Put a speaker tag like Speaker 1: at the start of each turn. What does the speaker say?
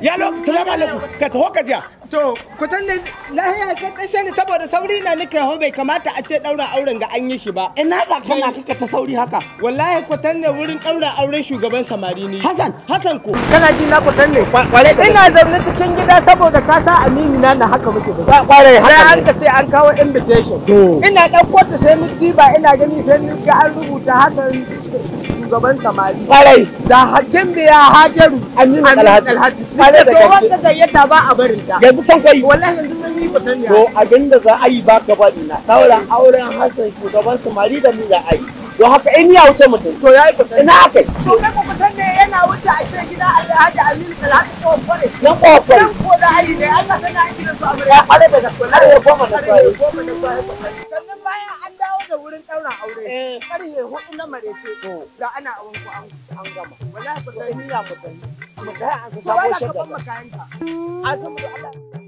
Speaker 1: Yalo, salamu alaikum, ka taho ka To, ku tanne haya ka kashe ne saboda sauri na nake ho bai kamata a ce daura auren ga an yi shi ba. Ina za na kika ta sauri haka? Wallahi ku tanne wurin daura auren shugaban samari ne. Hassan, Hassan ko. Kana ji na ku tanne? Kware Ina zaune cikin gida saboda ka sa amini na na haka muke ba. Kware haka. Sai an ka ce an kawo invitation. Ina dauko ta sai mun ba ina gani sai mun ga an rubuta Hassan shugaban samari. Kware. Da hakim biya ya hajaru. Aminu Alhaji. Kware da gaske. To wanda ta ba a barinta. can kai to abinda za a yi baka baɗi na ɗauran auren hassan shugaban samari da ni za a yi don haka in ya wuce mutum to ya yi fitan ina kai? to kai ku fitan ne yana wuce a cikin gida alhaji aminu alhaji kofare na kofare nan ko da ayi ne an kasa na gidan su amarya ya fara daga kwanar ya goma da kwaye sannan bayan an dawo da wurin ɗauran aure karye eh. hudu na marece da ana awon ku an gama wallahi fitan ni ya fitan Makaya an ka sabo shi da.